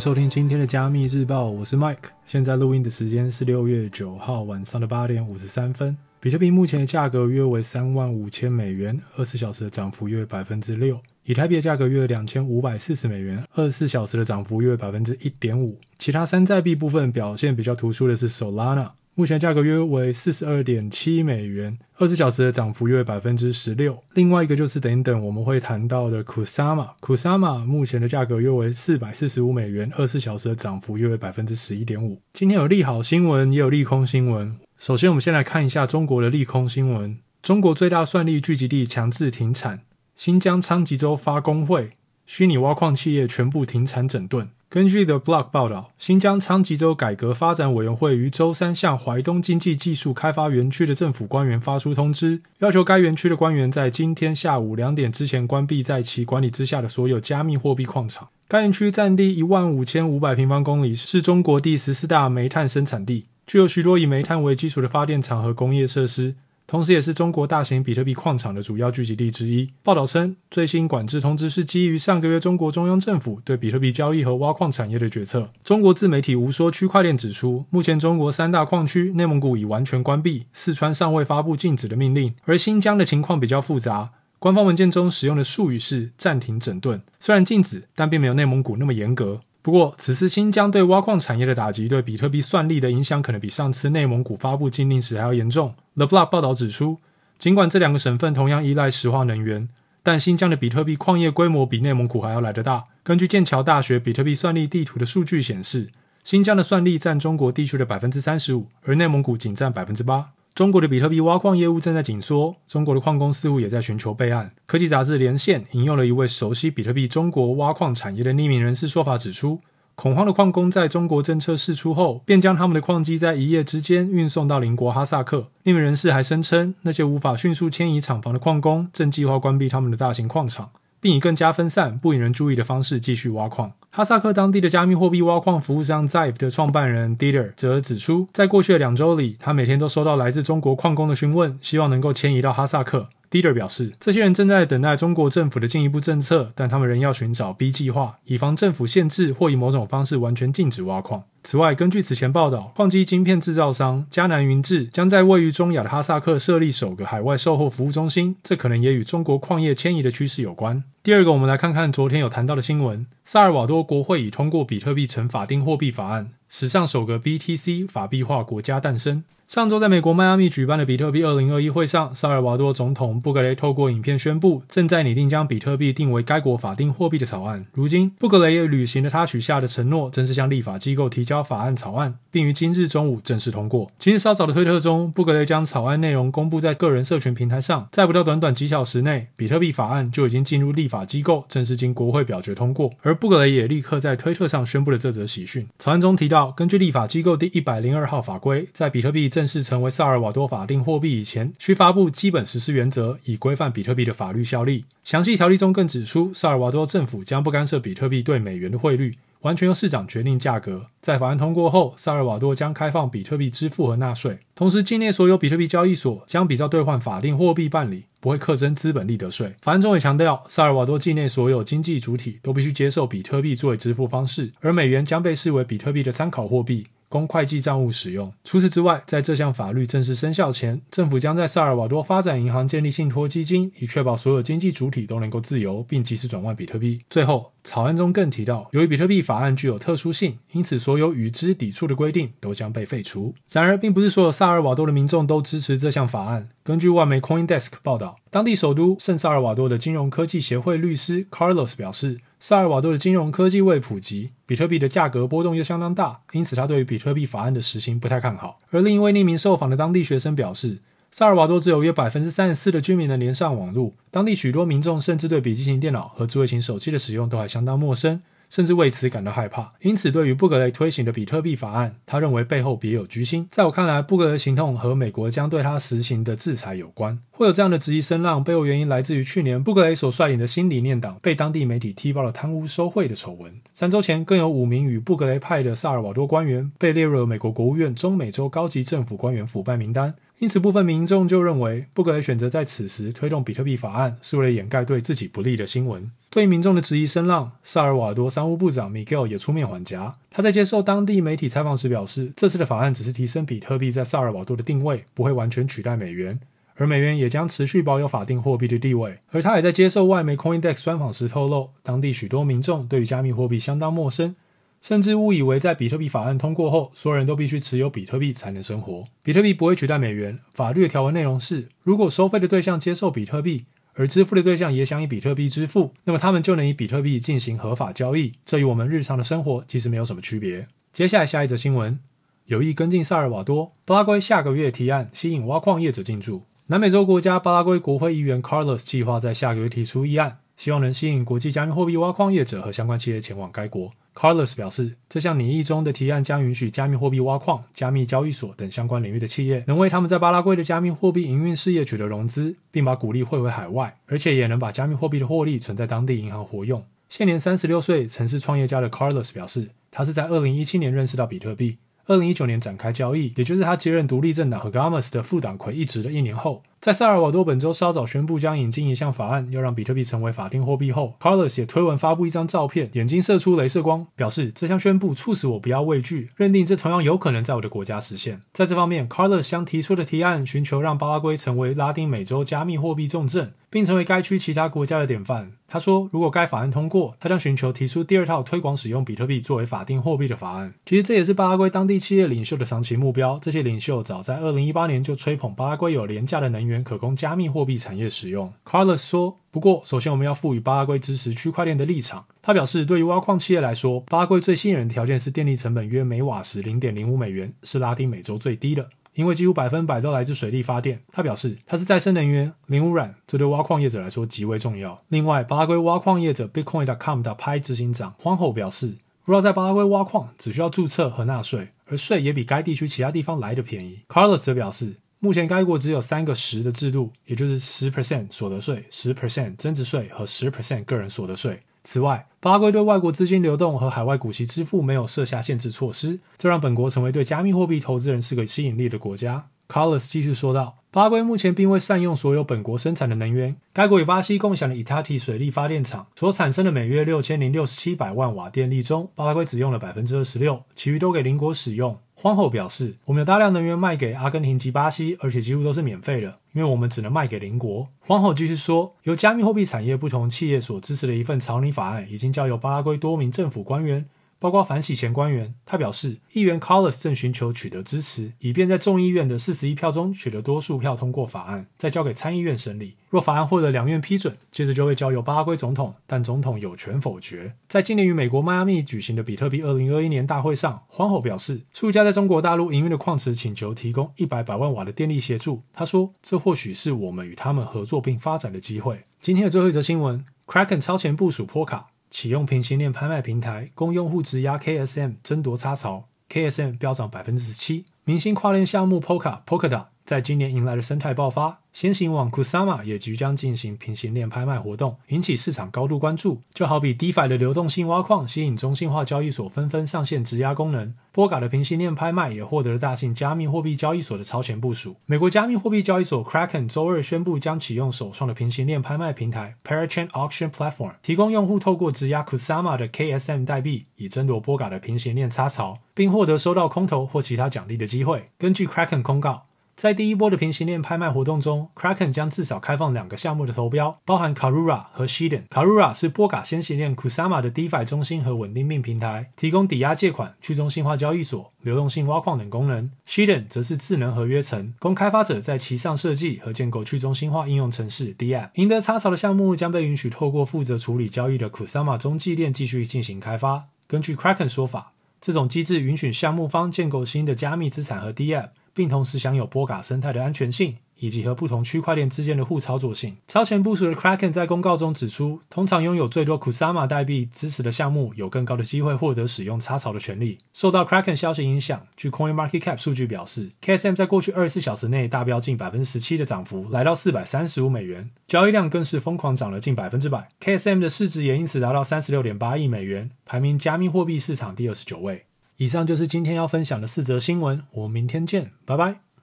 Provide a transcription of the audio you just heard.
收聽今天的加密日報，我是 Mike。現在錄音的時間是六月九號晚上的八點五十三分。比特幣目前的價格約為三萬五千美元，二十四小時的漲幅約百分之六。以太幣的價格約兩千五百四十美元，二十四小時的漲幅約百分之一點五。其他山寨幣部分表現比較突出的是 Solana。目前價格約為四十二點七美元，二十四小時的漲幅約為百分之十六。另外一個就是等一等，我們會談到的 Kusama，Kusama 目前的價格約為四百四十五美元，二十四小時的漲幅約為百分之十一點五。今天有利好新聞，也有利空新聞。首先，我們先來看一下中國的利空新聞：中國最大算力聚集地強制停產，新疆昌吉州發改會，虛擬挖礦企業全部停產整頓。根據 The Block 報道，新疆昌吉州改革發展委員會於周三向淮東經濟技術開發園區的政府官員發出通知，要求該園區的官員在今天下午兩點之前關閉在其管理之下的所有加密貨幣礦場。該園區占地一萬五千五百平方公里，是中國第十四大煤炭生產地，具有許多以煤炭為基礎的發電廠和工業設施。同時，也是中國大型比特幣礦場的主要聚集地之一。報道稱，最新管制通知是基於上個月中國中央政府對比特幣交易和挖礦產業的決策。中國自媒體吳說區塊鏈指出，目前中國三大礦區內蒙古已完全關閉，四川尚未發布禁止的命令，而新疆的情況比較複雜。官方文件中使用的術語是暫停整頓，雖然禁止，但並沒有內蒙古那麼嚴格。不過，此次新疆對挖礦產業的打擊，對比特幣算力的影響可能比上次內蒙古發布禁令時還要嚴重。The Block 報道指出，儘管這兩個省份同樣依賴石化能源，但新疆的比特幣礦業規模比內蒙古還要來得大。根據劍橋大學比特幣算力地圖的數據顯示，新疆的算力占中國地區的百分之三十五，而內蒙古僅占百分之八。中國的比特幣挖礦業務正在緊縮，中國的礦工似乎也在尋求備案。科技雜誌《連線》引用了一位熟悉比特幣中國挖礦產業的匿名人士說法，指出，恐慌的礦工在中國政策釋出後，便將他們的礦機在一夜之間運送到鄰國哈薩克。匿名人士還聲稱，那些無法迅速遷移廠房的礦工，正計劃關閉他們的大型礦場，並以更加分散、不引人注意的方式繼續挖礦。哈薩克當地的加密貨幣挖礦服務商 Ziv 的創辦人 Dieter 則指出，在過去的兩周裡，他每天都收到來自中國礦工的詢問，希望能夠遷移到哈薩克。Dider 表示，這些人正在等待中國政府的進一步政策，但他們仍要尋找 B 計劃，以防政府限制或以某種方式完全禁止挖礦。此外，根據此前報道，礦機芯片製造商嘉楠耘智將在位於中亞的哈薩克設立首個海外售後服務中心，這可能也與中國礦業遷移的趨勢有關。第二個，我們來看看昨天有談到的新聞：薩爾瓦多國會已通過比特幣成法定貨幣法案，史上首個 BTC 法幣化國家誕生。上週，在美國邁阿密舉辦的比特幣二零二一會上，薩爾瓦多總統布格雷透過影片宣佈，正在擬定將比特幣定為該國法定貨幣的草案。如今，布格雷也履行了他許下的承諾，正式向立法機構提交法案草案，並於今日中午正式通過。今日稍早的推特中，布格雷將草案內容公布在個人社群平台上，在不到短短幾小時內，比特幣法案就已經進入立法機構，正式經國會表決通過。而布格雷也立刻在推特上宣佈了這則喜訊。草案中提到，根據立法機構第一百零二號法規，在比特幣正式成為薩爾瓦多法定貨幣以前，需發布基本實施原則，以規範比特幣的法律效力。詳細條例中更指出，薩爾瓦多政府將不干涉比特幣對美元的匯率，完全由市場決定價格。在法案通過後，薩爾瓦多將開放比特幣支付和納稅，同時境內所有比特幣交易所將比照兌換法定貨幣辦理，不會課徵資本利得稅。法案中也強調，薩爾瓦多境內所有經濟主體都必須接受比特幣作為支付方式，而美元將被視為比特幣的參考貨幣。供會計賬務使用。除此之外，在這項法律正式生效前，政府將在薩爾瓦多發展銀行建立信託基金，以確保所有經濟主體都能夠自由並及時轉換比特幣。最後，草案中更提到，由於比特幣法案具有特殊性，因此所有與之抵觸的規定都將被廢除。然而，並不是所有薩爾瓦多的民眾都支持這項法案。根據外媒 CoinDesk 報道，當地首都聖薩爾瓦多的金融科技協會律師 Carlos 表示，薩爾瓦多的金融科技未普及，比特幣的價格波動又相當大，因此他對於比特幣法案的實行不太看好。而另一位匿名受訪的當地學生表示，薩爾瓦多只有約百分之三十四的居民能連上網絡，當地許多民眾甚至對筆記型電腦和智慧型手機的使用都還相當陌生，甚至為此感到害怕。因此，對於布格雷推行的比特幣法案，他認為背後別有居心。在我看來，布格雷行動和美國將對他實行的制裁有關。會有這樣的質疑聲浪，背後原因來自於去年布格雷所率領的新理念黨被當地媒體踢爆了貪汙受賄的醜聞。三周前，更有五名與布格雷派的薩爾瓦多官員被列入了美國國務院中美洲高級政府官員腐敗名單。因此，部分民眾就認為布格雷選擇在此時推動比特幣法案，是為了掩蓋對自己不利的新聞。對於民眾的質疑聲浪，薩爾瓦多商務部長米格爾也出面緩頰。他在接受當地媒體採訪時表示，這次的法案只是提升比特幣在薩爾瓦多的定位，不會完全取代美元。而美元也將持續保有法定貨幣的地位。而他也在接受外媒 CoinDesk 專訪時透露，當地許多民眾對於加密貨幣相當陌生，甚至誤以為在比特幣法案通過後，所有人都必須持有比特幣才能生活。比特幣不會取代美元。法律的條文內容是：如果收費的對象接受比特幣，而支付的對象也想以比特幣支付，那麼他們就能以比特幣進行合法交易。這與我們日常的生活其實沒有什麼區別。接下來，下一則新聞：有意跟進薩爾瓦多、巴拉圭下個月提案，吸引挖礦業者進駐。南美洲國家巴拉圭國會議員 Carlos 計劃在下個月提出議案，希望能吸引國際加密貨幣挖礦業者和相關企業前往該國。Carlos 表示，這項擬議中的提案將允許加密貨幣挖礦、加密交易所等相關領域的企業能為他們在巴拉圭的加密貨幣營運事業取得融資，並把股利匯回海外，而且也能把加密貨幣的獲利存在當地銀行活用。現年三十六歲、城市創業家的 Carlos 表示，他是在二零一七年認識到比特幣。二零一九年展開交易，也就是他接任獨立政黨和 Gammas 的副黨魁一職的一年後。在薩爾瓦多本周稍早宣布將引進一項法案，要讓比特幣成為法定貨幣後，Carlos 也推文發布一張照片，眼睛射出鐳射光，表示這項宣布促使我不要畏懼，認定這同樣有可能在我的國家實現。在這方面，Carlos 將提出的提案尋求讓巴拉圭成為拉丁美洲加密貨幣重鎮，並成為該區其他國家的典範。他說，如果該法案通過，他將尋求提出第二套推廣使用比特幣作為法定貨幣的法案。其實這也是巴拉圭當地企業領袖的長期目標。這些領袖早在2018年就吹捧巴拉圭有廉價的能源。元可供加密貨幣產業使用，Carlos 說。不過，首先我們要賦予巴拉圭支持區塊鏈的立場。他表示，對於挖礦企業來說，巴拉圭最吸引人的條件是電力成本約每瓦時零點零五美元，是拉丁美洲最低的，因為幾乎百分百都來自水力發電。他表示，它是再生能源，零污染，這對挖礦業者來說極為重要。另外，巴拉圭挖礦業者 Bitcoin.com 的派執行長黃後表示，如要在巴拉圭挖礦，只需要註冊和納稅，而稅也比該地區其他地方來得便宜。Carlos 則表示。目前該國只有三個十的制度，也就是十 percent 所得稅、十 percent 增值稅和十 percent 個人所得稅。此外，巴拉圭對外國資金流動和海外股息支付沒有設下限制措施，這讓本國成為對加密貨幣投資人是個吸引力的國家。Carlos 繼續說道：“巴拉圭目前並未善用所有本國生產的能源。該國與巴西共享的 Itati 水利發電廠所產生的每月六千零六十七百萬瓦電力中，巴拉圭只用了百分之二十六，其餘都給鄰國使用。”皇後表示：“我們有大量能源賣給阿根廷及巴西，而且幾乎都是免費的，因為我們只能賣給鄰國。”皇后繼續說：“由加密貨幣產業不同企業所支持的一份草擬法案，已經交由巴拉圭多名政府官員。”包括反洗錢官員，他表示，議員 Callus 正尋求取得支持，以便在眾議院的四十一票中取得多數票通過法案，再交給參議院審理。若法案獲得兩院批准，接着就會交由巴拉圭總統，但總統有權否決。在今年於美國邁阿密舉行的比特幣二零二一年大會上，黃後表示，數家在中國大陸營運的礦池請求提供一百百萬瓦的電力協助。他說，這或許是我們與他們合作並發展的機會。今天的最後一則新聞：Kraken 超前部署波卡。啟用平行鏈拍賣平台，供用戶質押 KSM 爭奪插槽，KSM 飆漲百分之十七。明星跨鏈項目波卡 Polkadot 在今年迎來了生態爆發，先行網 Kusama 也即將進行平行鏈拍賣活動，引起市場高度關注。就好比 DeFi 的流動性挖礦吸引中心化交易所紛紛上線質押功能，波卡的平行鏈拍賣也獲得了大型加密貨幣交易所的超前部署。美國加密貨幣交易所 Kraken 週二宣布將啟用首創的平行鏈拍賣平台 Parachain Auction Platform，提供用戶透過質押 Kusama 的 KSM 代幣，以爭奪波卡的平行鏈插槽，並獲得收到空投或其他獎勵的機會。根據 Kraken 公告。在第一波的平行鏈拍賣活動中，Kraken 將至少開放兩個項目的投標，包含 Karura 和 Shiden。Karura 是波卡先行鏈 Kusama 的 DeFi 中心和穩定幣平台，提供抵押借款、去中心化交易所、流動性挖礦等功能。Shiden 則是智能合約層，供開發者在其上設計和建構去中心化應用程式 DApp。贏得插槽的項目將被允許透過負責處理交易的 Kusama 中繼鏈繼續進行開發。根據 Kraken 說法，這種機制允許項目方建構新的加密資產和 DApp 並同時享有波卡生態的安全性，以及和不同區塊鏈之間的互操作性。超前部署的 Kraken 在公告中指出，通常擁有最多 Kusama 代幣支持的項目，有更高的機會獲得使用插槽的權利。受到 Kraken 消息影響，據 Coin Market Cap 數據表示，KSM 在過去二十四小時內大飆近百分之十七的漲幅，來到四百三十五美元，交易量更是瘋狂漲了近百分之百。KSM 的市值也因此達到三十六點八億美元，排名加密貨幣市場第二十九位。以上就是今天要分享的四則新聞，我們明天見，拜拜。